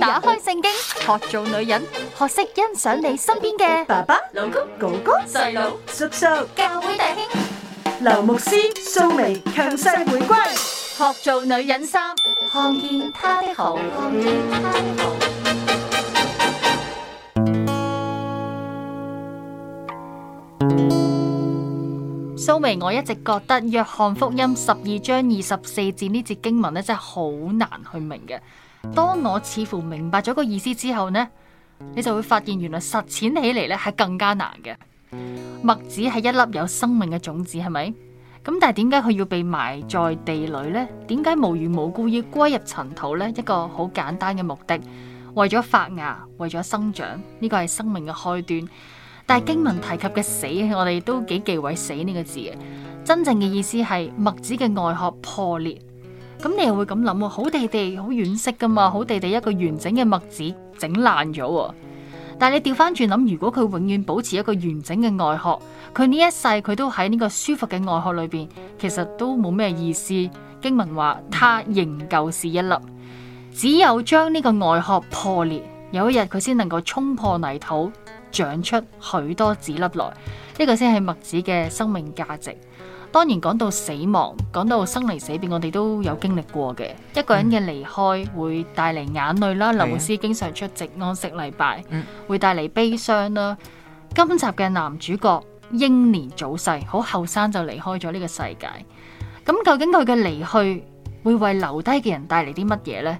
打開聖經，學做女人，學識欣賞你身邊嘅爸爸、老公、哥哥、細佬、叔叔、教會弟兄、劉牧師、蘇眉、強勢回歸。學做女人三，看見他的好。蘇眉，我一直覺得約翰福音十二章二十四節呢節經文咧，真係好難去明嘅。當我似乎明白咗個意思之後呢，你就會發現原來實踐起嚟，咧係更加難嘅。麥子係一粒有生命嘅種子，係咪？咁但係點解佢要被埋在地裏呢？點解無緣無故要歸入塵土呢？一個好簡單嘅目的，為咗發芽，為咗生長，呢個係生命嘅開端。但係經文提及嘅死，我哋都幾忌諱死呢個字。真正嘅意思係麥子嘅外殼破裂。咁你又會咁諗喎？好地地好惋惜㗎嘛，好地地一個完整嘅麥子整爛咗。但係你調翻轉諗，如果佢永遠保持一個完整嘅外殼，佢呢一世佢都喺呢個舒服嘅外殼裏邊，其實都冇咩意思。經文話，它仍舊是一粒，只有將呢個外殼破裂，有一日佢先能夠衝破泥土，長出許多籽粒來。呢、這個先係麥子嘅生命價值。當然講到死亡，講到生離死別，我哋都有經歷過嘅。一個人嘅離開會帶嚟眼淚啦，劉牧師經常出席安息禮拜，嗯、會帶嚟悲傷啦。今集嘅男主角英年早逝，好後生就離開咗呢個世界。咁究竟佢嘅離去會為留低嘅人帶嚟啲乜嘢呢？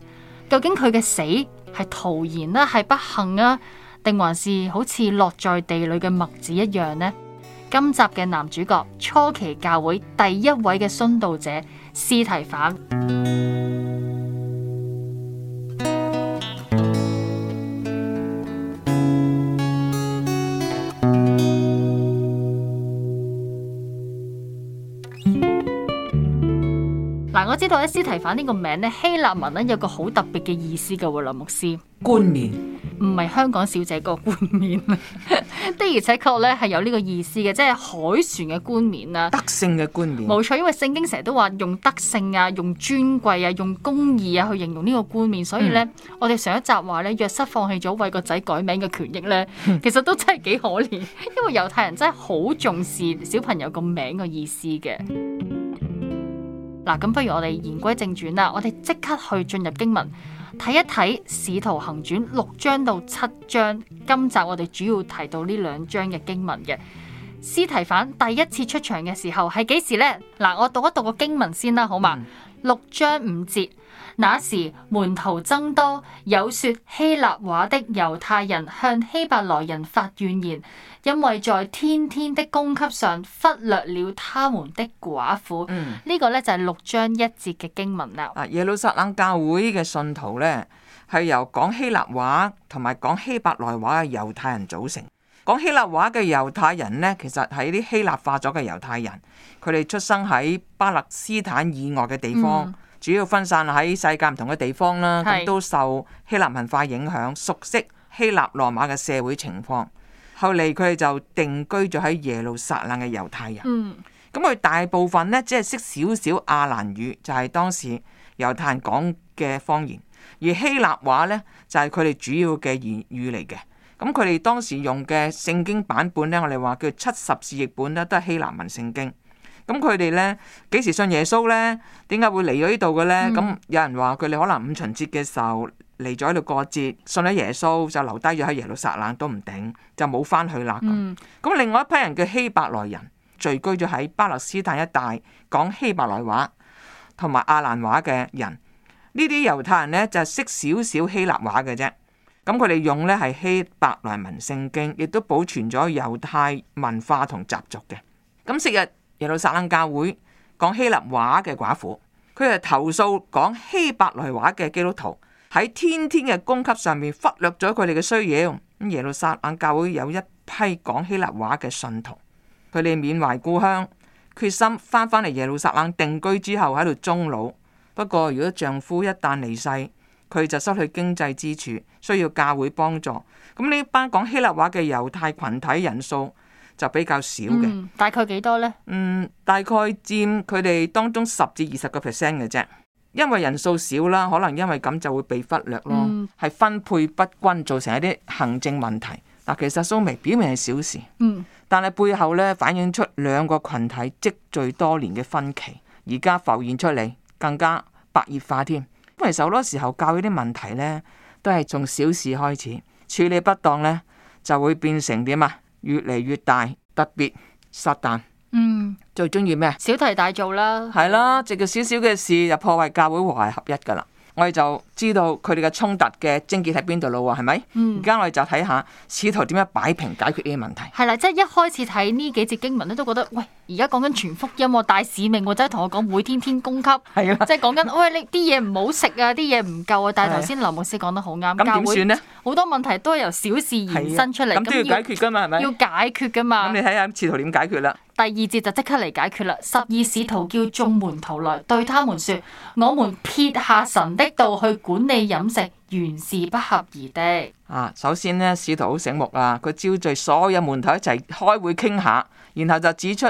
究竟佢嘅死係徒然啦、啊，係不幸啊，定還是好似落在地裏嘅麥子一樣呢？今集嘅男主角，初期教會第一位嘅殉道者斯提反。嗱、 嗯， 我知道咧，斯提反呢個名咧 Stewart， 希臘文咧有個好特別嘅意思嘅喎，羅牧師。冠 冕樂。 唔係香港小姐個冠冕啦， 的而且確咧係有呢個意思嘅，即係海船嘅冠冕啦，德性嘅冠冕。冇錯，因為聖經成日都話用德性啊、用尊貴啊、用公義啊去形容呢個冠冕，所以咧，嗯、我哋上一集話咧約瑟放棄咗為個仔改名嘅權益咧，嗯、其實都真係幾可憐，因為猶太人真係好重視小朋友個名個意思嘅。嗱，咁不如我哋言歸正傳啦，我哋即刻去進入經文。睇一睇《使徒行傳》六章到七章，今集我哋主要提到呢兩章嘅經文嘅。司提反第一次出場嘅時候係幾時呢？嗱，我讀一讀個經文先啦，好嘛？嗯六章五節，那時門徒增多，有說希臘話的猶太人向希伯來人發怨言，因為在天天的供給上忽略了他們的寡婦。呢、嗯、個咧就係六章一節嘅經文啦。耶路撒冷教會嘅信徒咧，係由講希臘話同埋講希伯來話嘅猶太人組成。講希臘話嘅猶太人呢，其實係啲希臘化咗嘅猶太人，佢哋出生喺巴勒斯坦以外嘅地方，嗯、主要分散喺世界唔同嘅地方啦。咁是都受希臘文化影響，熟悉希臘羅馬嘅社會情況。後嚟佢哋就定居咗喺耶路撒冷嘅猶太人。咁佢、嗯、大部分呢，只係識少少亞蘭語，就係、是、當時猶太人講嘅方言。而希臘話呢，就係佢哋主要嘅言語嚟嘅。咁佢哋當時用嘅聖經版本咧，我哋話叫七十士譯本咧，都係希臘文聖經。咁佢哋咧幾時信耶穌咧？點解會嚟咗呢度嘅咧？咁、嗯、有人話佢哋可能五旬節嘅時候嚟咗喺度過節，信咗耶穌就留低咗喺耶路撒冷都唔頂，就冇翻去啦。咁、嗯，咁另外一批人叫希伯來人，聚居咗喺巴勒斯坦一帶，講希伯來話同埋亞蘭話嘅人，呢啲猶太人咧就識、是、少，少少希臘話嘅啫。咁佢哋用呢係希伯來文聖經，亦都保存咗猶太文化同習俗嘅。咁昔日耶路撒冷教會講希臘話嘅寡婦，佢哋投訴講希伯來話嘅基督徒喺天天嘅供給上面忽略咗佢哋嘅需要。咁耶路撒冷教會有一批講希臘話嘅信徒，佢哋緬懷故鄉，決心翻返嚟耶路撒冷定居之後喺度終老。不過如果丈夫一旦離世，佢就失去經濟支柱，需要教會幫助。咁呢班講希臘話嘅猶太群體人數就比較少嘅，嗯，大概幾多呢？嗯，大概佔佢哋當中十至二十個 percent 嘅啫。因為人數少啦，可能因為咁就會被忽略咯。嗯，係分配不均造成一啲行政問題嗱。其實蘇眉表面係小事，嗯，但係背後咧反映出兩個群體積聚多年嘅分歧，而家浮現出嚟更加白熱化添。因為好多時候教會啲問題呢，都係從小事開始處理不當呢，就會變成點啊？越嚟越大，特別撒旦，嗯，最中意咩？小題大做啦，係啦，藉住少少嘅事就破壞教會和諧合一噶啦，我哋就。知道佢哋嘅衝突嘅症結喺邊度咯喎，係咪？而家、嗯、我哋就睇下使徒點樣擺平解決呢啲問題。係啦，即係一開始睇呢幾節經文咧，都覺得喂，而家講緊全福音喎，大使命喎，即係同我講每天天供給，即係講緊喂，你啲嘢唔好食啊，啲嘢唔夠啊。但係頭先林牧師講得好啱，咁點算呢？好多問題都係由小事延伸出嚟，咁都要解決㗎嘛，係咪要？要解決㗎的嘛。咁你睇下使徒點解決啦？第二節就即刻嚟解決啦。十二使徒叫眾門徒來對他們説：我們撇下神的道去。管理飲食原是不合宜的。啊，首先呢，使徒好醒目啦，佢召聚所有門徒一齊開會傾下，然後就指出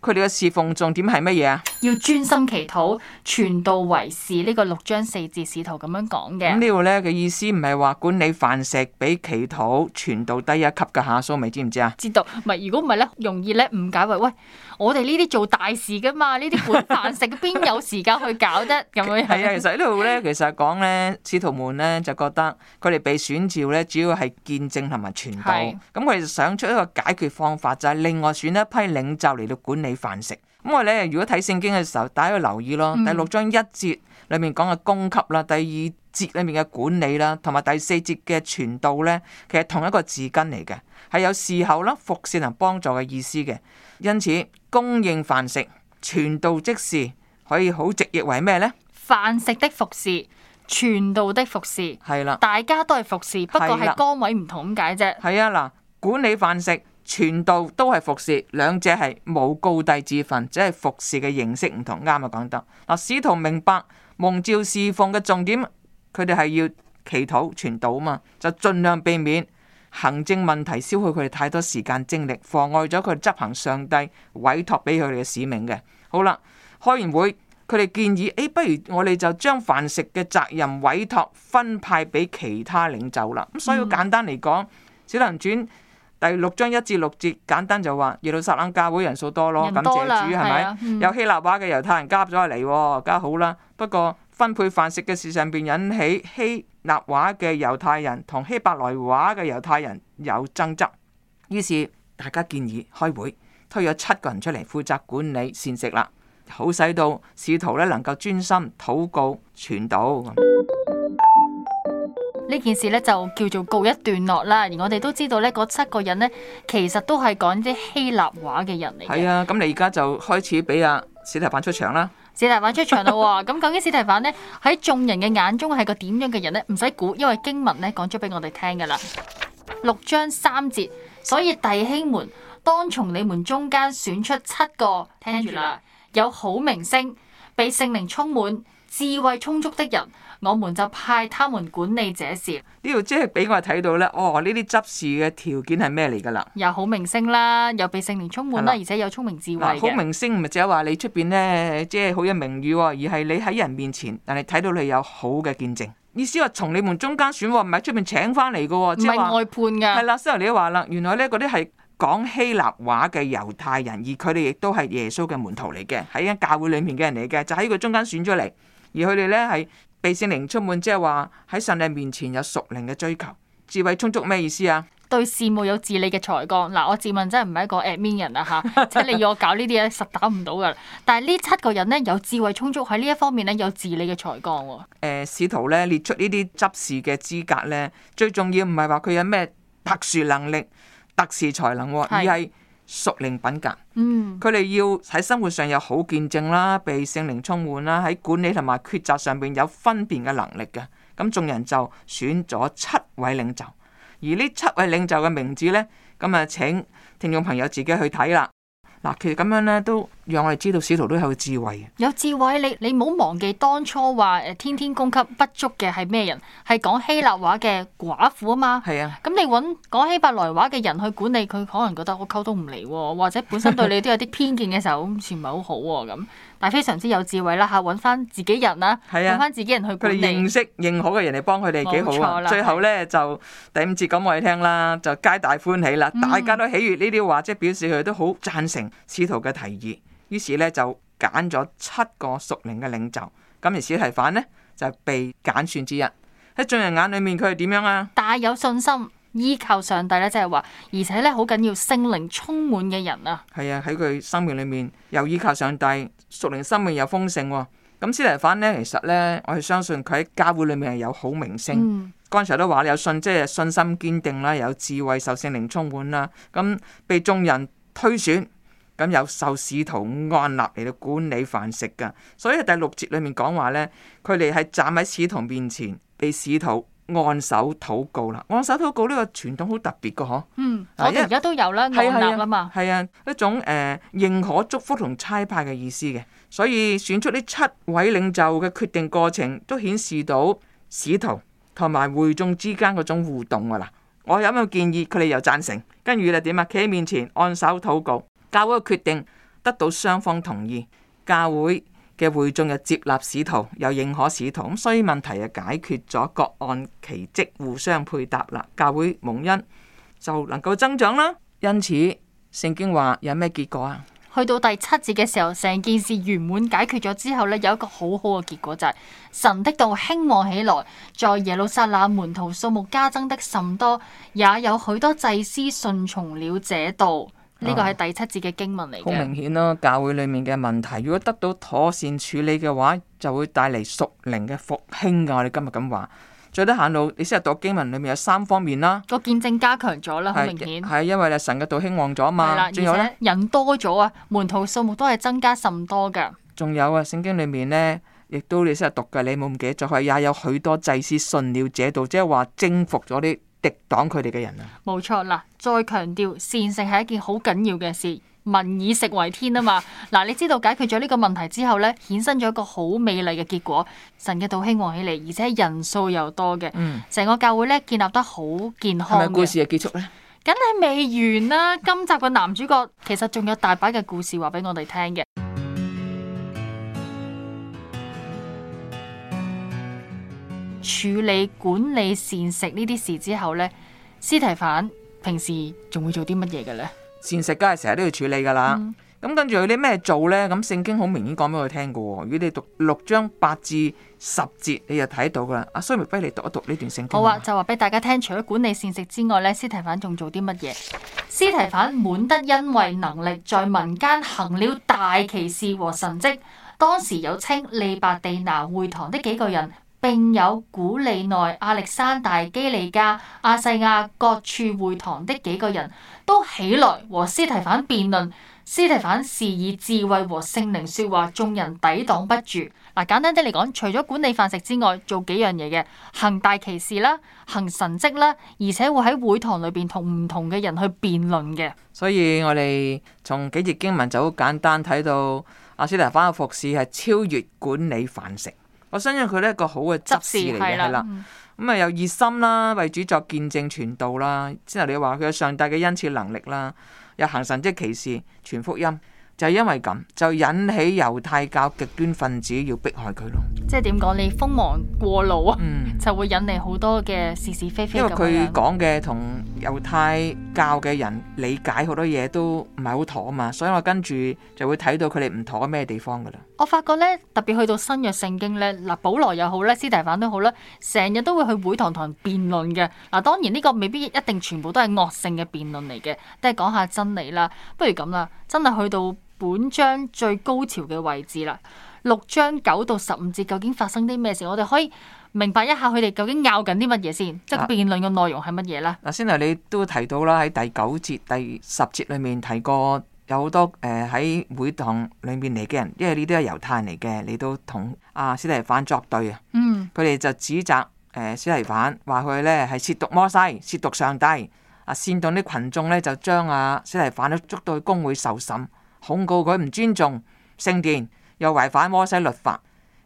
佢哋嘅侍奉重點係乜嘢啊？要專心祈禱、傳道為事呢，呢個六章四節使徒咁樣講嘅。咁呢度咧嘅意思唔係話管理飯食比祈禱傳道低一級嘅嚇，蘇眉知唔知啊？知道，唔係如果唔係咧，不然不然容易咧誤解為喂我哋呢啲做大事嘅嘛，呢啲管飯食嘅邊有時間去搞得咁樣？係啊， 其實呢度咧，其實講咧，使徒們咧就覺得佢哋被選召咧，主要係見證同埋傳道，咁佢哋想出一個解決方法就係、是、另外選一批領袖嚟到管理飯食。咁我你如果睇聖經嘅時候，大家要留意咯。嗯、第六章一節裏面講嘅供給啦，第二節裏面嘅管理啦，同埋第四節嘅傳道咧，其實同一個字根嚟嘅，係有事後啦服侍同幫助嘅意思嘅。因此供應飯食，傳道即時可以好直譯為咩呢？飯食的服侍，傳道的服侍，係啦的，大家都係服侍，的不過係崗位唔同解啫。係啊嗱，管理飯食。傳道都係服侍，兩者係冇高低之分，只係服侍嘅形式唔同。啱啊，講得嗱，使徒明白蒙召侍奉嘅重點，佢哋係要祈禱傳道啊嘛，就盡量避免行政問題消耗佢哋太多時間精力，妨礙咗佢執行上帝委託俾佢哋嘅使命嘅。好啦，開完會，佢哋建議，誒、哎，不如我哋就將飯食嘅責任委託分派俾其他領袖啦。咁、嗯、所以簡單嚟講，只轉《小能傳》。第六章一至六節簡單就話耶路撒冷教會人數多咯，多感謝主，係咪？啊嗯、有希臘話嘅猶太人加入咗嚟，梗係好啦。不過分配飯食嘅事上邊引起希臘話嘅猶太人同希伯來話嘅猶太人有爭執，於是大家建議開會，推咗七個人出嚟負責管理膳食啦，好使到使徒哋能夠專心禱告傳道。呢件事咧就叫做告一段落啦，而我哋都知道咧，嗰七個人呢，其實都係講啲希臘話嘅人嚟。係啊，咁你而家就開始俾阿、啊、史提反出場啦。史提反出場啦，啊，咁 究竟史提反呢，喺眾人嘅眼中係個點樣嘅人呢？唔使估，因為經文咧講咗俾我哋聽噶啦，六章三節，所以弟兄們當從你們中間選出七個，聽住啦，有好名聲、被聖靈充滿、智慧充足的人。我們就派他們管理者事呢度，即係俾我睇到咧。哦，呢啲執事嘅條件係咩嚟㗎啦？有好名聲啦，又被聖靈充滿啦，的而且有聰明智慧、啊、好名聲唔係只係話你出邊咧，即、就、係、是、好有名譽、哦，而係你喺人面前，但係睇到你有好嘅見證意思話，從你們中間選喎，唔係出邊請翻嚟㗎喎，唔係外判㗎係啦。斯勞你都話啦，原來咧嗰啲係講希臘話嘅猶太人，而佢哋亦都係耶穌嘅門徒嚟嘅，喺間教會裡面嘅人嚟嘅，就喺、是、佢中間選出嚟，而佢哋咧係。被聖靈充滿，即係話喺神嘅面前有屬靈嘅追求，智慧充足咩意思啊？對事務有治理嘅才幹。嗱，我自問真係唔係一個 admin 人啊吓，即係你要我搞呢啲嘢實打唔到噶。但係呢七個人咧有智慧充足，喺呢一方面咧有治理嘅才幹。誒、呃，使徒咧列出呢啲執事嘅資格咧，最重要唔係話佢有咩特殊能力、特殊才能，啊、是而係。屬靈品格，佢哋，嗯、要喺生活上有好見證啦，被聖靈充滿啦，喺管理同埋抉擇上邊有分辨嘅能力嘅，咁眾人就選咗七位領袖，而呢七位領袖嘅名字呢，咁啊，請聽眾朋友自己去睇啦。嗱，其實咁樣呢都。讓我哋知道使徒都係個智慧，有智慧。你你唔好忘記當初話誒，天天供給不足嘅係咩人？係講希臘話嘅寡婦啊嘛。係啊。咁你搵講希伯來話嘅人去管理，佢可能覺得我溝通唔嚟，或者本身對你都有啲偏見嘅時候， 好似唔係好好喎咁。但係非常之有智慧啦吓，搵、啊、翻自己人啦，搵翻、啊、自己人去管理。佢哋認識、認可嘅人嚟幫佢哋，幾好啊！啦，最後咧是就第五節咁，我哋聽啦，就皆大歡喜啦，嗯、大家都喜悅呢啲話，即係表示佢哋都好贊成使徒嘅提議。於是咧就揀咗七個屬靈嘅領袖，咁而司提反呢，就係被揀選，選之一。喺眾人眼裏面，佢係點樣啊？大有信心，依靠上帝呢，即係話，而且咧好緊要聖靈充滿嘅人啊！係啊，喺佢生命裏面又依靠上帝，屬靈生命又豐盛喎、啊。咁司提反呢，其實呢，我係相信佢喺教會裏面係有好名聲。嗯、剛才都話，有信即係信心堅定啦，有智慧，受聖靈充滿啦，咁、啊、被眾人推選。咁有受使徒按立嚟到管理飯食噶，所以第六節裏面講話呢，佢哋係站喺使徒面前，被使徒按手禱告啦。按手禱告呢個傳統好特別噶，嗬？嗯，而家、啊、都有啦，為按立啊嘛，係啊，啊，一種誒、呃、認可祝福同差派嘅意思嘅，所以選出呢七位領袖嘅決定過程都顯示到使徒同埋會眾之間嗰種互動噶啦。我有咩建議？佢哋又贊成，跟住你點啊？企喺面前按手禱告。教會嘅決定得到雙方同意，教會嘅會眾又接納使徒，又認可使徒，咁所以問題就解決咗，各按其職，互相配搭啦，教會蒙恩就能夠增長啦。因此，聖經話有咩結果啊？去到第七節嘅時候，成件事圓滿解決咗之後呢，有一個好好嘅結果就係、是、神的道興旺起來，在耶路撒冷門徒數目加增的甚多，也有許多祭司信從了這道。呢個係第七節嘅經文嚟嘅，好、哦、明顯咯。教會裡面嘅問題，如果得到妥善處理嘅話，就會帶嚟屬靈嘅復興㗎。我哋今日咁話，最低限度，你先入讀經文裡面有三方面啦。個見證加強咗啦，好明顯。係因為咧，神嘅道興旺咗啊嘛。仲有，而且人多咗啊，門徒數目都係增加甚多㗎。仲有啊，聖經裡面咧，亦都你先入讀嘅，你冇唔記得就係也有許多祭司信了這道，即係話征服咗啲抵擋佢哋嘅人啊！冇錯，嗱，再強調膳食係一件好緊要嘅事，民以食為天啊嘛！嗱， 你知道解決咗呢個問題之後咧，衍生咗一個好美麗嘅結果，神嘅道興旺起嚟，而且人數又多嘅，成、嗯、個教會咧建立得好健康嘅。係咪故事嘅結束咧？梗係未完啦，啊！ 今集嘅男主角其實仲有大把嘅故事話俾我哋聽嘅。處理管理膳食呢啲事之後呢，司提反平時仲會做啲乜嘢嘅呢？膳食梗係成日都要處理噶啦。咁、嗯、跟住佢啲咩做呢？咁聖經好明顯講俾我聽嘅。如果你讀六章八至十節，你就睇到噶啦。阿蘇明輝，不如你讀一讀呢段聖經。好啊，就話俾大家聽，除咗管理膳食之外呢，司提反仲做啲乜嘢？司 提反滿得恩惠能力，在民間行了大奇事和神蹟。當時有稱利百地拿會堂的幾個人。並有古利奈、亞歷山大、基利加、亞細亞各處會堂的幾個人都起來和司提反辯論。司提反是以智慧和聖靈說話，眾人抵擋不住。嗱，簡單啲嚟講，除咗管理飯食之外，做幾樣嘢嘅，行大奇事啦，行神跡啦，而且會喺會堂裏邊同唔同嘅人去辯論嘅。所以我哋從幾節經文就好簡單睇到，阿司提反嘅服侍係超越管理飯食。我相信佢咧一個好嘅執事嚟嘅係啦，咁啊又熱心啦，為主作見證傳道啦，之後你話佢有上帝嘅恩賜能力啦，又行神蹟奇事傳福音。就因為咁，就引起猶太教極端分子要迫害佢咯。即係點講？你鋒芒過露啊，就會引嚟好多嘅是是非非。因為佢講嘅同猶太教嘅人理解好多嘢都唔係好妥啊嘛，所以我跟住就會睇到佢哋唔妥咩地方㗎啦。我發覺咧，特別去到新約聖經咧，嗱，保羅又好咧，斯提反都好啦，成日都會去會堂同人辯論嘅。嗱，當然呢個未必一定全部都係惡性嘅辯論嚟嘅，都係講下真理啦。不如咁啦，真係去到，本章最高潮嘅位置啦，六章九到十五節究竟發生啲咩事？我哋可以明白一下，佢哋究竟拗緊啲乜嘢先，即係辯論嘅內容係乜嘢啦？嗱，先頭，你都提到啦，喺第九節、第十節裏面提過有好多誒喺、呃、會堂裏面嚟嘅人，因為呢啲係猶太人嚟嘅，你都同阿、啊、斯提反作對啊。嗯，佢哋就指責誒、呃、斯提反話佢咧係褻瀆摩西、褻瀆上帝啊，煽動啲群眾咧就將阿、啊、斯提反咧捉到去公會受審。控告佢唔尊重聖殿，又違反摩西律法。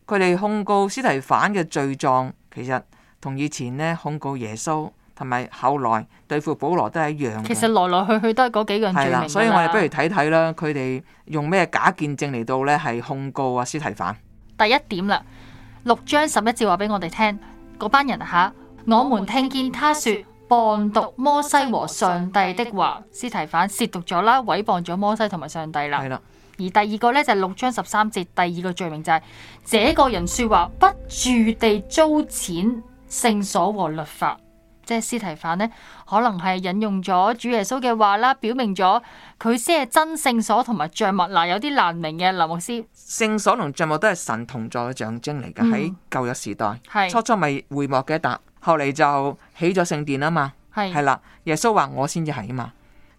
佢哋控告斯提反嘅罪狀，其實同以前呢控告耶穌，同埋後來對付保羅都係一樣嘅。其實來來去去都係嗰幾個人啦，所以我哋不如睇睇啦，佢哋用咩假見證嚟到呢？係控告啊斯提反。第一點啦，六章十一節話俾我哋聽，嗰班人嚇，我們聽見他説，謗讀摩西和上帝的話，斯提反褻瀆咗啦，毀謗咗摩西同埋上帝啦。的而第二個呢，就係、是、六章十三節第二個罪名就係、是，這個人說話不住地糟踐聖所和律法，即係斯提反呢，可能係引用咗主耶穌嘅話啦，表明咗佢先係真聖所同埋帳幕。嗱，有啲難明嘅，林牧師，聖所同帳幕都係神同在嘅象徵嚟嘅。喺、嗯、舊約時代，係是初初咪會幕嘅一笪。後嚟就起咗聖殿啊嘛，係啦是，耶穌話我先至係啊嘛。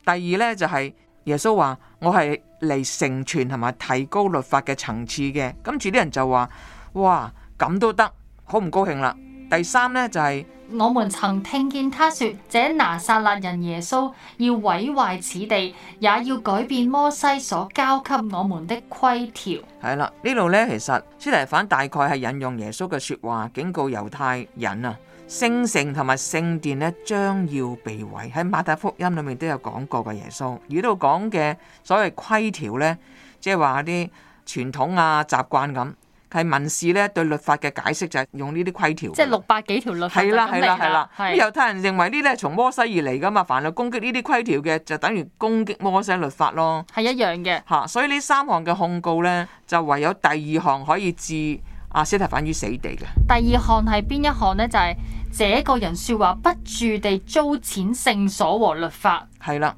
第二呢，就係、是、耶穌話我係嚟成全同埋提高律法嘅層次嘅。跟住啲人就話哇咁都得，好唔高興啦。第三呢，就係、是、我們曾聽見他說，這拿撒勒人耶穌要毀壞此地，也要改變摩西所交給我們的規條。係啦，呢度呢，其實司提反大概係引用耶穌嘅說話，警告猶太人啊。聖城同埋聖殿咧，將要被毀，喺馬太福音裏面都有講過嘅，耶穌。而到講嘅所謂規條咧，即係話啲傳統啊習慣咁，係文士咧對律法嘅解釋就係用呢啲規條。即係六百幾條律法係啦！係啦！係啦！猶太人認為呢啲係從摩西而嚟噶嘛，凡係攻擊呢啲規條嘅，就等於攻擊摩西律法咯。係一樣嘅嚇，所以呢三項嘅控告咧，就唯有第二項可以置阿司提反於死地嘅。第二項係邊一項咧？就係、是。這個人說話不住地租錢聖所和律法。係啦，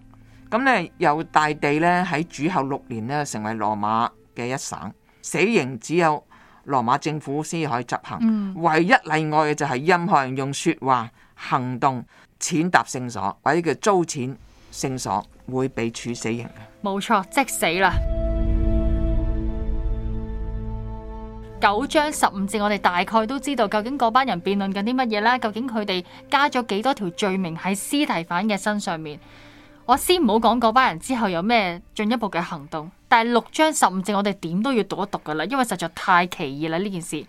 咁咧猶大地咧喺主後六年咧成為羅馬嘅一省，死刑只有羅馬政府先可以執行，嗯、唯一例外嘅就係任何人用說話、行動、踐踏聖所或者叫租錢聖所，會被處死刑嘅，冇錯，即死啦。九章十五字，我哋大概都知道究竟嗰班人辯論緊啲乜嘢啦。究竟佢哋加咗幾多條罪名喺司提反嘅身上面？我先唔好講嗰班人之後有咩進一步嘅行動。但係六章十五字，我哋點都要讀一讀噶啦，因為實在太奇異啦呢件事。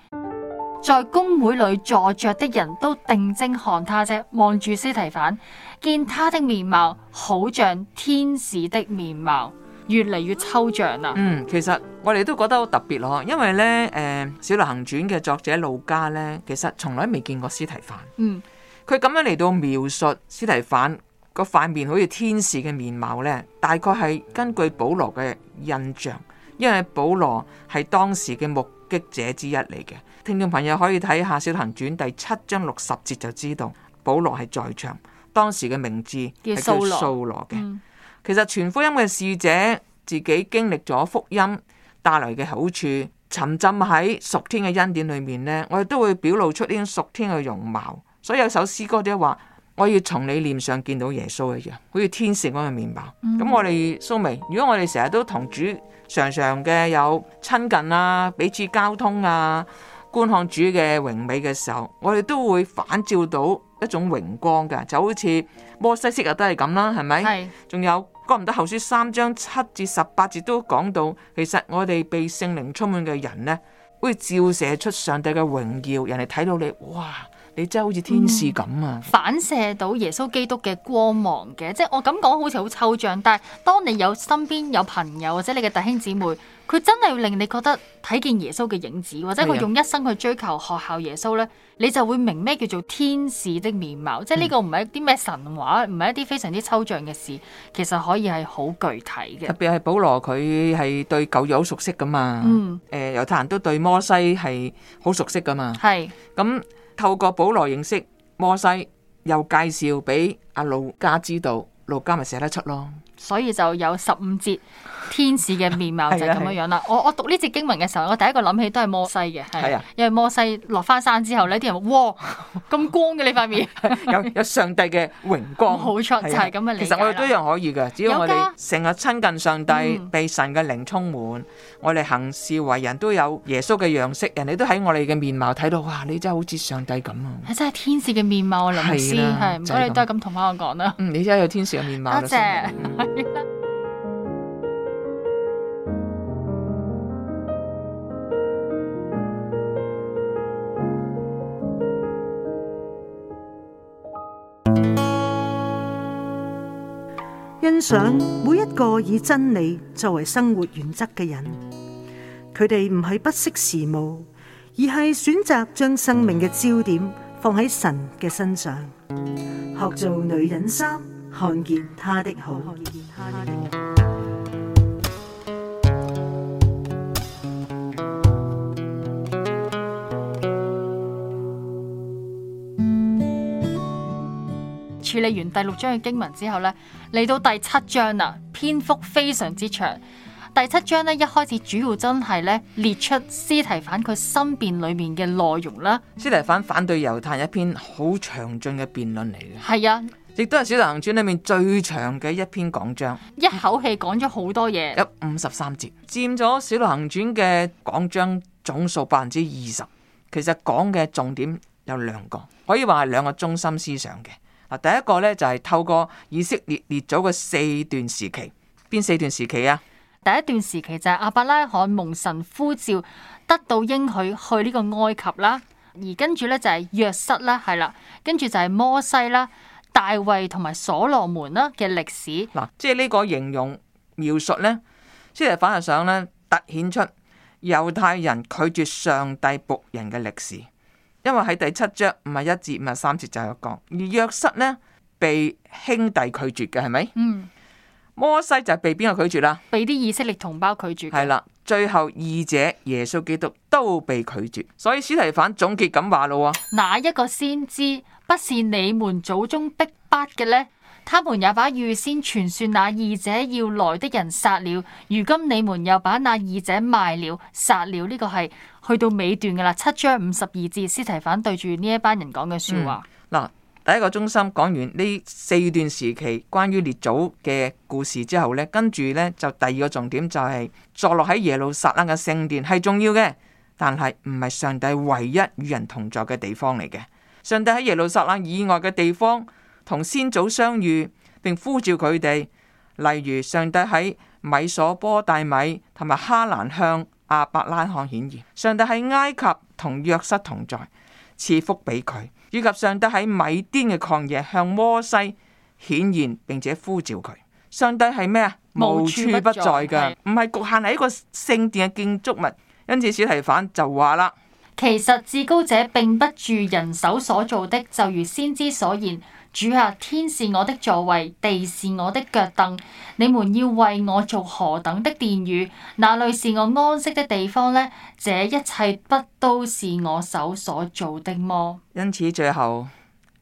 在公會裏坐着的人都定睛看他，啫望住司提反，見他的面貌好像天使的面貌。越嚟越抽象啦。嗯，其實我哋都覺得好特別咯，因為呢，誒、呃《使徒行傳》嘅作者路加呢，其實從來未見過司提反。嗯，佢咁樣嚟到描述司提反個塊面好似天使嘅面貌呢，大概係根據保羅嘅印象，因為保羅係當時嘅目擊者之一嚟嘅。聽眾朋友可以睇下《使徒行傳》第七章六十節就知道，保羅係在場，當時嘅名字叫掃羅嘅。嗯其實全福音嘅使者自己經歷咗福音帶來嘅好處，沉浸喺屬天嘅恩典裏面，呢，我哋都會表露出呢種屬天嘅容貌。所以有首詩歌都話：我要從你臉上見到耶穌一樣，好似天使嗰個面貌。咁、mm hmm. 我哋蘇眉，如果我哋成日都同主常常嘅有親近啊，彼此交通啊，觀看主嘅榮美嘅時候，我哋都會反照到。一種榮光嘅，就好似摩西式又都係咁啦，係咪？係是。仲有講唔得後書三章七至十八節都講到，其實我哋被聖靈充滿嘅人咧，會照射出上帝嘅榮耀，人哋睇到你，哇！你真係好似天使咁啊、嗯！反射到耶穌基督嘅光芒嘅，即係我咁講好似好抽象，但係當你有身邊有朋友或者你嘅弟兄姊妹，佢真係令你覺得睇見耶穌嘅影子，或者佢用一生去追求學效耶穌咧，你就會明咩叫做天使的面貌。嗯、即係呢個唔係一啲咩神話，唔係一啲非常之抽象嘅事，其實可以係好具體嘅。特別係保羅佢係對舊約好熟悉噶嘛，嗯，誒、呃，猶太人都對摩西係好熟悉噶嘛，係咁是。透過保羅認識摩西，又介紹俾阿路加知道，路加咪寫得出咯，所以就有十五節。天使嘅面貌就係咁樣樣啦。我我讀呢節經文嘅時候，我第一個諗起都係摩西嘅。係啊，因為摩西落翻山之後呢啲人話哇，咁光嘅呢塊面，有有上帝嘅榮光。冇錯，係咁嘅嚟。其實我哋都一樣可以嘅，只要我哋成日親近上帝，被神嘅靈充滿，我哋行事為人都有耶穌嘅樣式。人哋都喺我哋嘅面貌睇到哇，你真係好似上帝咁啊！真係天使嘅面貌，我諗係啦，我哋都係咁同翻我講啦。你真係有天使嘅面貌。多謝。欣賞每一個以真理作為生活原則嘅人，佢哋唔係不識時務，而係選擇將生命嘅焦點放喺神嘅身上，學做女人心，看見他的好。處理完第六章嘅經文之後呢，嚟到第七章啦，篇幅非常之長。第七章呢，一開始主要真係咧列出司提反佢申辯裏面嘅內容啦。司提反反對猶太一篇好詳盡嘅辯論嚟嘅，係啊，亦都係《使徒行傳》裏面最長嘅一篇講章，一口氣講咗好多嘢，有五十三節，佔咗《使徒行傳》嘅講章總數百分之二十。其實講嘅重點有兩個，可以話係兩個中心思想嘅。第一個咧就係透過以色列列咗個四段時期，邊四段時期啊？第一段時期就係阿伯拉罕蒙神呼召，得到應許去呢個埃及啦，而跟住咧就係約瑟啦，係啦，跟住就係摩西啦、大衛同埋所羅門啦嘅歷史。嗱，即係呢個形容描述咧，即係反而想咧突顯出猶太人拒絕上帝僕人嘅歷史。因為喺第七章五十一節五十三節就有講，而約瑟呢，被兄弟拒絕嘅係咪？嗯，摩西就係被邊個拒絕啦？俾啲以色列同胞拒絕。係啦，最後二者耶穌基督都被拒絕，所以司提反總結咁話啦：哪一個先知不是你們祖宗逼迫嘅呢？他們也把預先傳説那二者要來的人殺了，如今你們又把那二者賣了、殺了。呢、這個係去到尾段嘅啦，七章五十二節，司提反對住呢一班人講嘅説話。嗱、嗯，第一個中心講完呢四段時期關於列祖嘅故事之後跟呢跟住呢就第二個重點就係、是、坐落喺耶路撒冷嘅聖殿係重要嘅，但係唔係上帝唯一與人同在嘅地方嚟嘅。上帝喺耶路撒冷以外嘅地方，同先祖相遇，並呼召佢哋。例如上帝喺米索波大米同埋哈蘭向阿伯拉罕顯現，上帝喺埃及同約瑟同在，賜福俾佢。以及上帝喺米甸嘅曠野向摩西顯現，並且呼召佢。上帝係咩啊？無處不在噶，唔係是局限喺一個聖殿嘅建築物。因此小提反就話啦：其實至高者並不住人手所做的，就如先知所言。主啊，天是我的座位，地是我的腳凳。你們要為我做何等的殿宇？哪裏是我安息的地方呢？這一切不都是我手所做的嗎？因此最後，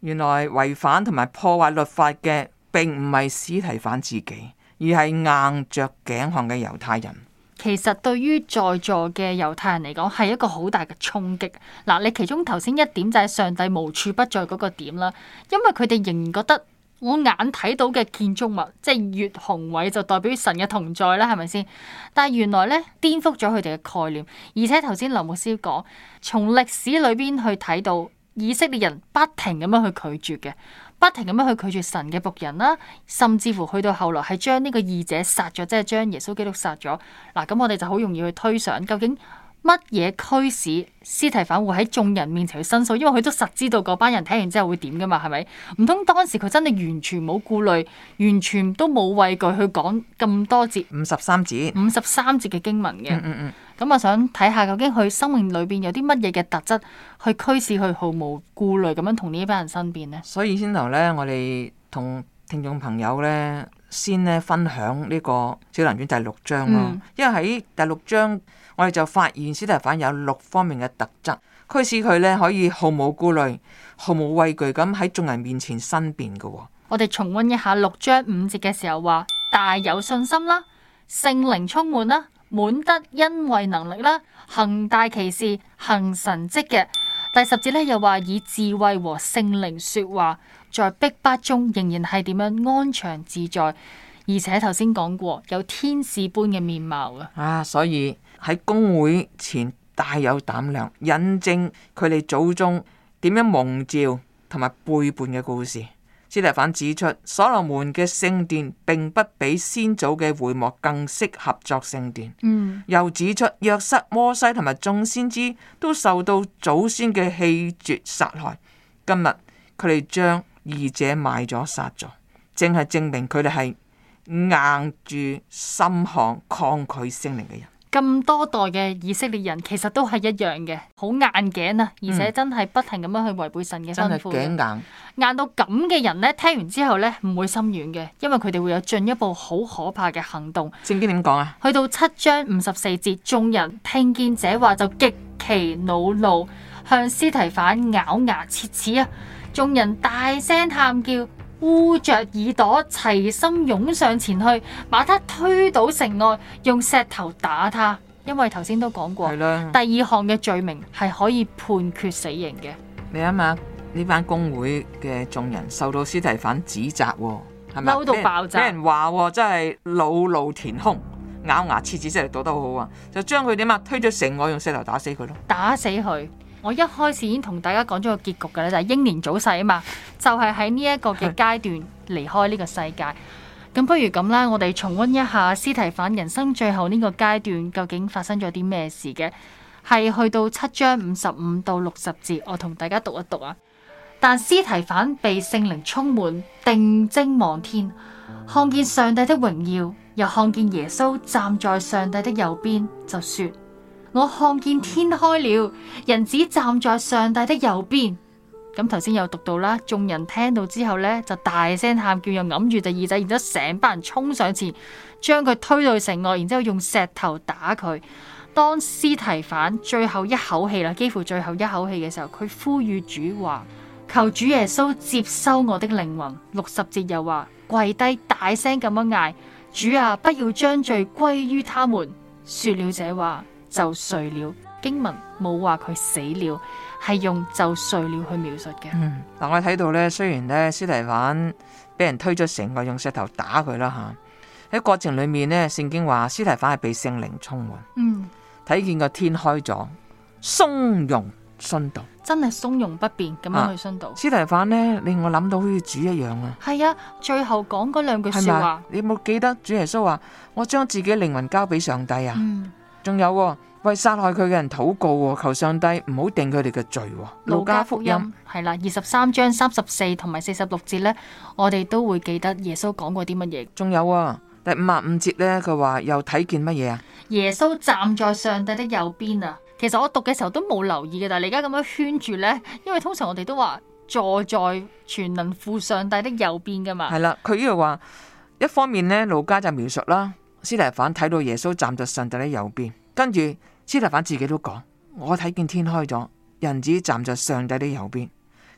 原來違反同埋破壞律法嘅，並唔係司提反自己，而係硬着頸項嘅猶太人。其實對於在座嘅猶太人嚟講係一個好大嘅衝擊。嗱，你其中頭先一點就係上帝無處不在嗰個點啦，因為佢哋仍然覺得我眼睇到嘅建築物即係越雄偉就代表神嘅同在啦，係咪先？但係原來咧，顛覆咗佢哋嘅概念，而且頭先劉牧師講，從歷史裏邊去睇到以色列人不停咁樣去拒絕嘅。不停咁樣去拒絕神嘅僕人啦，甚至乎去到後來係將呢個義者殺咗，即係將耶穌基督殺咗。嗱，咁我哋就好容易去推想究竟。乜嘢驅使司提反會喺眾人面前去申訴？因為佢都實知道嗰班人聽完之後會點噶嘛？係咪？唔通當時佢真係完全冇顧慮，完全都冇畏懼去講咁多節？五十三節，五十三節嘅經文嘅、嗯嗯嗯嗯。嗯嗯咁啊，想睇下究竟佢生命裏邊有啲乜嘢嘅特質，去驅使佢毫無顧慮咁樣同呢班人申辯呢？所以先頭咧，我哋同聽眾朋友咧。先咧分享呢個《小林苑》第六章咯，嗯、因為喺第六章我哋就發現司提反有六方面嘅特質，驅使佢咧可以毫無顧慮、毫無畏懼咁喺眾人面前申辯嘅。我哋重温一下六章五節嘅時候話：大有信心啦，聖靈充滿啦，滿得恩惠能力啦，行大奇事、行神蹟嘅。第十節咧又話以智慧和聖靈說話。在逼迫中仍然係點樣安詳自在，而且頭先講過有天使般嘅面貌嘅、啊。啊，所以喺公會前大有膽量，引證佢哋祖宗點樣蒙召同埋背叛嘅故事。司提反指出，所羅門嘅聖殿並不比先祖嘅會幕更適合作聖殿。嗯。又指出約瑟、若摩西同埋眾先知都受到祖先嘅棄絕殺害。今日佢哋將。二者賣咗殺咗，正係證明佢哋係硬住心腸抗拒聖靈嘅人。咁多代嘅以色列人其實都係一樣嘅，好硬頸啊！而且真係不停咁樣去違背神嘅吩咐。嗯、硬，硬到咁嘅人呢，聽完之後呢唔會心軟嘅，因為佢哋會有進一步好可怕嘅行動。正經點講啊。去到七章五十四節，眾人聽見這話就極其惱怒，向司提反咬牙切齒啊！眾人大聲喊叫，捂着耳朵，齊心湧上前去，把他推到城外，用石頭打他。因為頭先都講過，的第二項嘅罪名係可以判決死刑嘅。你諗下，呢班公會嘅眾人受到司提反指責，係咪？嬲到爆炸，俾人話真係惱怒填胸，咬牙切齒，真係躲得好好啊！就將佢點啊？推咗城外，用石頭打死佢咯，打死佢。我一開始已經同大家講咗個結局嘅咧，就係、是、英年早逝啊嘛，就係喺呢一個嘅階段離開呢個世界。咁不如咁啦，我哋重溫一下司提反人生最後呢個階段究竟發生咗啲咩事嘅，係去到七章五十五到六十節，我同大家讀一讀啊。但司提反被聖靈充滿，定睛望天，看見上帝的榮耀，又看見耶穌站在上帝的右邊，就說。我看見天開了，人子站在上帝的右邊。咁頭先又讀到啦，眾人聽到之後呢，就大聲喊叫，又揞住隻耳仔，然之後成班人衝上前，將佢推到城外，然之後用石頭打佢。當司提反最後一口氣啦，幾乎最後一口氣嘅時候，佢呼籲主話：求主耶穌接收我的靈魂。六十節又話：跪低大聲咁樣嗌，主啊，不要將罪歸於他們。說了這話。就睡了，經文冇話佢死了，係用就睡了去描述嘅。嗯，嗱我睇到咧，雖然咧，司提反俾人推咗城外，用石頭打佢啦吓。喺、啊、過程裏面呢，聖經話司提反係被聖靈沖暈。嗯，睇見個天開咗，從容殉道，真係從容不變咁樣去殉道。司、啊、提反呢，令我諗到好似主一樣啊。係啊，最後講嗰兩句說話，你冇記得主耶穌話我將自己靈魂交俾上帝啊？仲、嗯、有、啊。為殺害佢嘅人禱告，求上帝唔好定佢哋嘅罪。路加福音係啦，二十三章三十四同埋四十六節呢，我哋都會記得耶穌講過啲乜嘢。仲有啊，第五十五節呢，佢話又睇見乜嘢啊？耶穌站在上帝的右邊啊。其實我讀嘅時候都冇留意嘅，但係你而家咁樣圈住呢，因為通常我哋都話坐在全能父上帝的右邊噶嘛。係啦，佢呢度話一方面呢，路加就描述啦，斯提反睇到耶穌站在上帝的右邊。跟住，施耐凡自己都講，我睇見天開咗，人子站在上帝的右邊。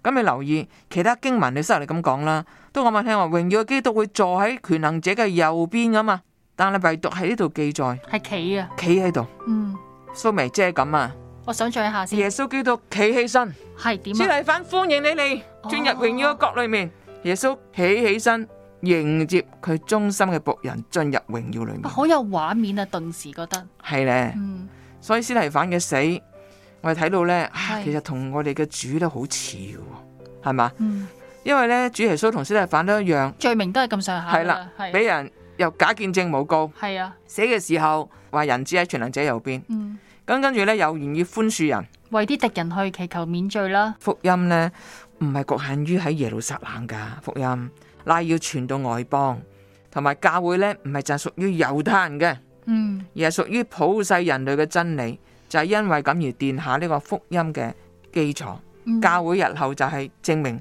咁你留意其他經文，你收嚟咁講啦，都問我埋聽話，榮耀嘅基督會坐喺權能者嘅右邊噶嘛。但係唯獨喺呢度記載，係企啊，企喺度。嗯，蘇眉姐係咁啊，我想象一下先。耶穌基督企起身，係點啊？施耐凡歡迎你嚟，進入榮耀嘅國裏面。哦、耶穌企起身。迎接佢忠心嘅僕人進入榮耀裏面，好有畫面啊！頓時覺得係咧，所以司提反嘅死，我哋睇到咧，其實同我哋嘅主都好似嘅，係嘛？因為咧，主耶穌同司提反都一樣，罪名都係咁上下。係啦，俾人又假見證冇告，係啊，死嘅時候話人子喺全能者右邊，咁跟住咧又願意寬恕人，為啲敵人去祈求免罪啦。福音咧唔係局限於喺耶路撒冷噶，福音。拉要傳到外邦，同埋教會咧唔係就係屬於猶太人嘅，嗯，而係屬於普世人類嘅真理。就係、是、因為咁而奠定呢個福音嘅基礎。嗯、教會日後就係證明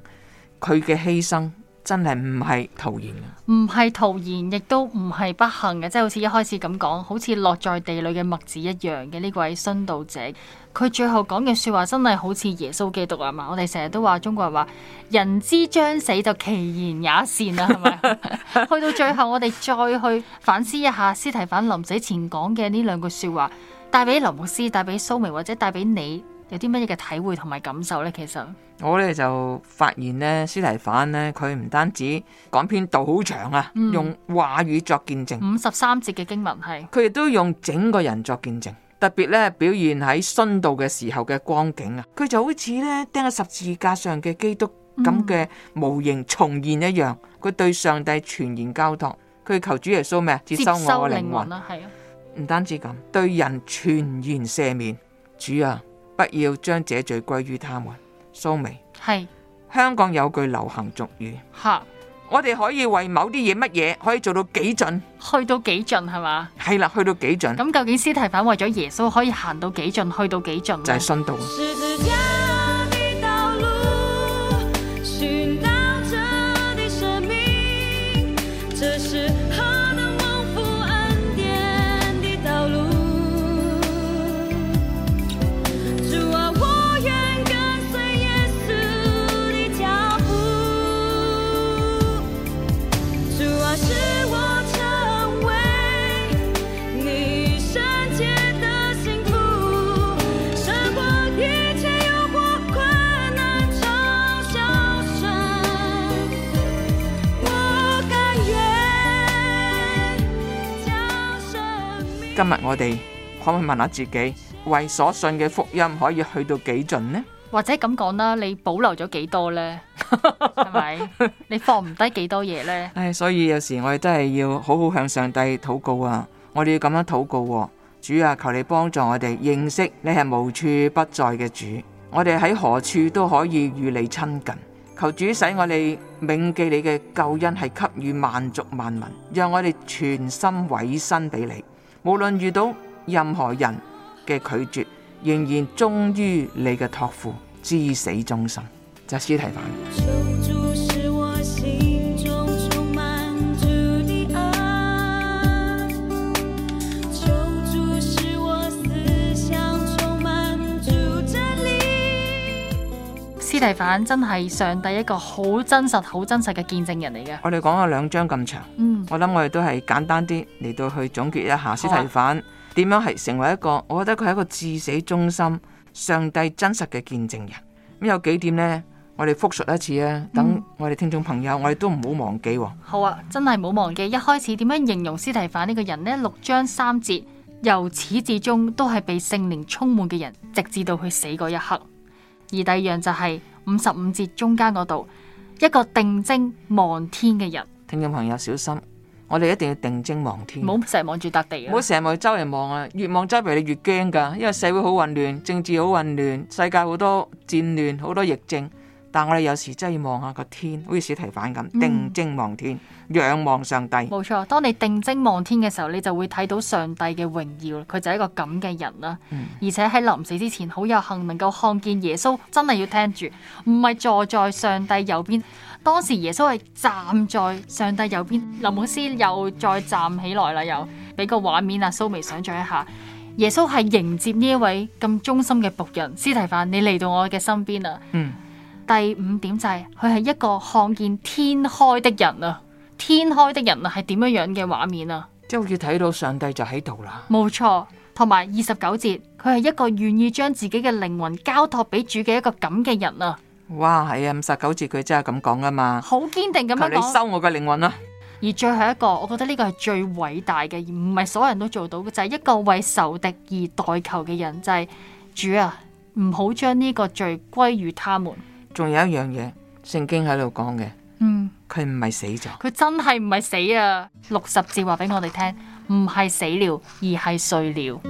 佢嘅犧牲。真係唔係徒然，唔係徒然，亦都唔係不幸嘅。即係好似一開始咁講，好似落在地裏嘅麥子一樣嘅呢位殉道者，佢最後講嘅說話真係好似耶穌基督啊嘛！我哋成日都話中國人話，人之將死就其言也善啦，係咪？ 去到最後，我哋再去反思一下司提反臨死前講嘅呢兩句說話，帶俾劉牧師，帶俾蘇眉，或者帶俾你，有啲乜嘢嘅體會同埋感受呢？其實我咧就發現呢，司提反呢，佢唔單止講篇道好長啊，嗯、用話語作見證，五十三節嘅經文係佢，亦都用整個人作見證，特別咧表現喺殉道嘅時候嘅光景啊。佢就好似呢釘喺十字架上嘅基督咁嘅模型重現一樣。佢、嗯、對上帝全然交託，佢求主耶穌咩接收我靈魂啦，係啊，唔單止咁，對人全然赦免，主啊。主啊不要將這罪歸於他們。蘇眉係香港有句流行俗語，吓，我哋可以為某啲嘢，乜嘢可以做到幾盡，去到幾盡係嘛？係啦，去到幾盡。咁究竟司提反為咗耶穌可以行到幾盡，去到幾盡？就係信道。今日我哋可唔可以問下自己，為所信嘅福音可以去到幾盡呢？或者咁講啦，你保留咗幾多呢？係咪你放唔低幾多嘢呢？唉，所以有時我哋真係要好好向上帝禱告啊！我哋要咁樣禱告，主啊，求你幫助我哋認識你係無處不在嘅主。我哋喺何處都可以與你親近，求主使我哋銘記你嘅救恩係給予萬族萬民，讓我哋全心委身俾你。無論遇到任何人嘅拒絕，仍然忠於你嘅託付，至死忠心。就係屍體犯。斯提反真係上帝一個好真實、好真實嘅見證人嚟嘅。我哋講咗兩章咁長，嗯，我諗我哋都係簡單啲嚟到去總結一下斯提反點、啊、樣係成為一個，我覺得佢係一個至死忠心、上帝真實嘅見證人。咁有幾點呢？我哋複述一次啊，等我哋聽眾朋友，我哋都唔好忘記、哦。好啊，真係冇忘記。一開始點樣形容斯提反呢個人呢？六章三節，由始至終都係被聖靈充滿嘅人，直至到佢死嗰一刻。而第二樣就係五十五節中間嗰度一個定睛望天嘅人，聽眾朋友小心，我哋一定要定睛望天，唔好成日望住笪地，唔好成日望周圍望啊！越望周圍你越驚噶，因為社會好混亂，政治好混亂，世界好多戰亂，好多疫症。但我哋有時真係要望下個天，好似斯提反咁定睛望天，仰、嗯、望上帝。冇錯，當你定睛望天嘅時候，你就會睇到上帝嘅榮耀。佢就係一個咁嘅人啦。嗯、而且喺臨死之前好有幸能夠看見耶穌。真係要聽住，唔係坐在上帝右邊。當時耶穌係站在上帝右邊。林牧師又再站起來啦，又俾個畫面啊，蘇眉，想象一下，耶穌係迎接呢一位咁忠心嘅僕人斯提反，你嚟到我嘅身邊啦。嗯第五點就係佢係一個看見天開的人啊，天開的人啊係點樣樣嘅畫面啊？即係要睇到上帝就喺度啦。冇錯，同埋二十九節佢係一個願意將自己嘅靈魂交託俾主嘅一個咁嘅人啊。哇，係啊，五十九節佢真係咁講噶嘛，好堅定咁樣講，你收我嘅靈魂啊。而最後一個，我覺得呢個係最偉大嘅，而唔係所有人都做到嘅，就係一個為仇敵而代求嘅人，就係主啊，唔好將呢個罪歸於他們。仲有一樣嘢，聖經喺度講嘅，佢唔係死咗，佢真係唔係死啊！六十節話俾我哋聽，唔係死了，而係睡了。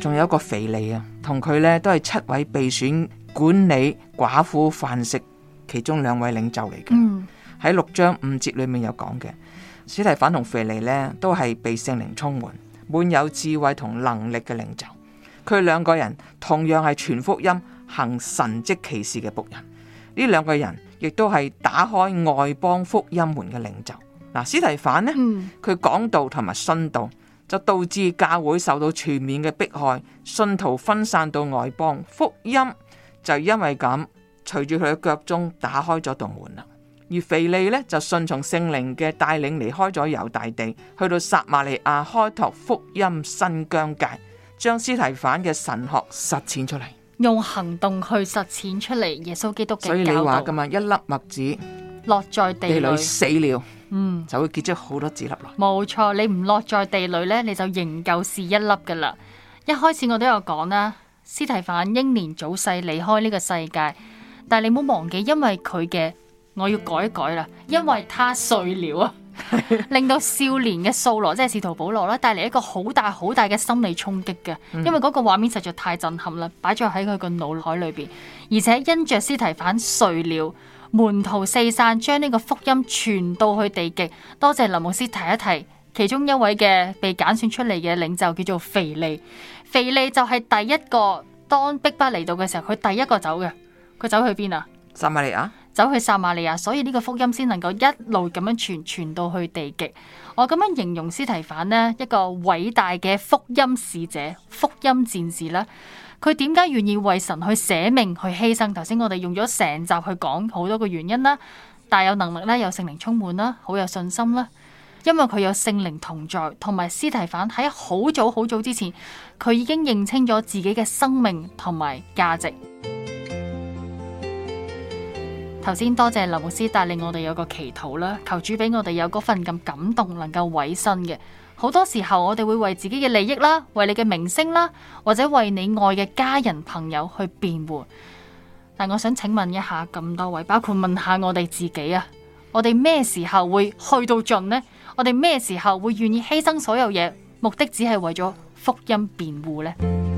仲有一個腓利啊，同佢呢都係七位被選管理寡婦飯食其中兩位領袖嚟嘅，喺、嗯、六章五節裏面有講嘅。史提反同腓利呢，都係被聖靈充滿、滿有智慧同能力嘅領袖。佢兩個人同樣係傳福音、行神蹟奇事嘅僕人。呢兩個人亦都係打開外邦福音門嘅領袖。嗱、啊，史提反呢，佢、嗯、講道同埋信道就導致教會受到全面嘅迫害，信徒分散到外邦，福音就因為咁，隨住佢嘅腳蹤打開咗道門啦。而腓利呢，就順從聖靈嘅帶領離開咗猶大地，去到撒瑪利亞開拓福音新疆界，將司提反嘅神學實踐出嚟，用行動去實踐出嚟耶穌基督嘅教導。所以你話噶嘛，一粒麥子落在地裏死了，嗯，就會結出好多子粒。冇錯，你唔落在地裏咧，你就仍舊是一粒噶啦。一開始我都有講啦，司提反英年早逝離開呢個世界，但係你唔好忘記，因為佢嘅。我要改一改啦，因為他碎了啊， 令到少年嘅掃羅即係使徒保羅啦，帶嚟一個好大好大嘅心理衝擊嘅，嗯、因為嗰個畫面實在太震撼啦，擺咗喺佢個腦海裏邊，而且因着斯提反碎了，門徒四散，將呢個福音傳到去地極。多謝林牧師提一提，其中一位嘅被揀選出嚟嘅領袖叫做腓利，腓利就係第一個當逼迫嚟到嘅時候，佢第一個走嘅，佢走去邊啊？撒瑪利亞。走去撒瑪利亞，所以呢個福音先能夠一路咁樣傳傳到去地極。我咁樣形容斯提凡呢一個偉大嘅福音使者、福音戰士啦，佢點解願意為神去捨命、去犧牲？頭先我哋用咗成集去講好多個原因啦，但有能力啦，有聖靈充滿啦，好有信心啦，因為佢有聖靈同在，同埋斯提凡喺好早好早之前，佢已經認清咗自己嘅生命同埋價值。頭先多謝劉牧師帶領我哋有個祈禱啦，求主俾我哋有嗰份咁感動，能夠委身嘅。好多時候我哋會為自己嘅利益啦，為你嘅名聲啦，或者為你愛嘅家人朋友去辯護。但我想請問一下咁多位，包括問下我哋自己啊，我哋咩時候會去到盡呢？我哋咩時候會願意犧牲所有嘢，目的只係為咗福音辯護呢？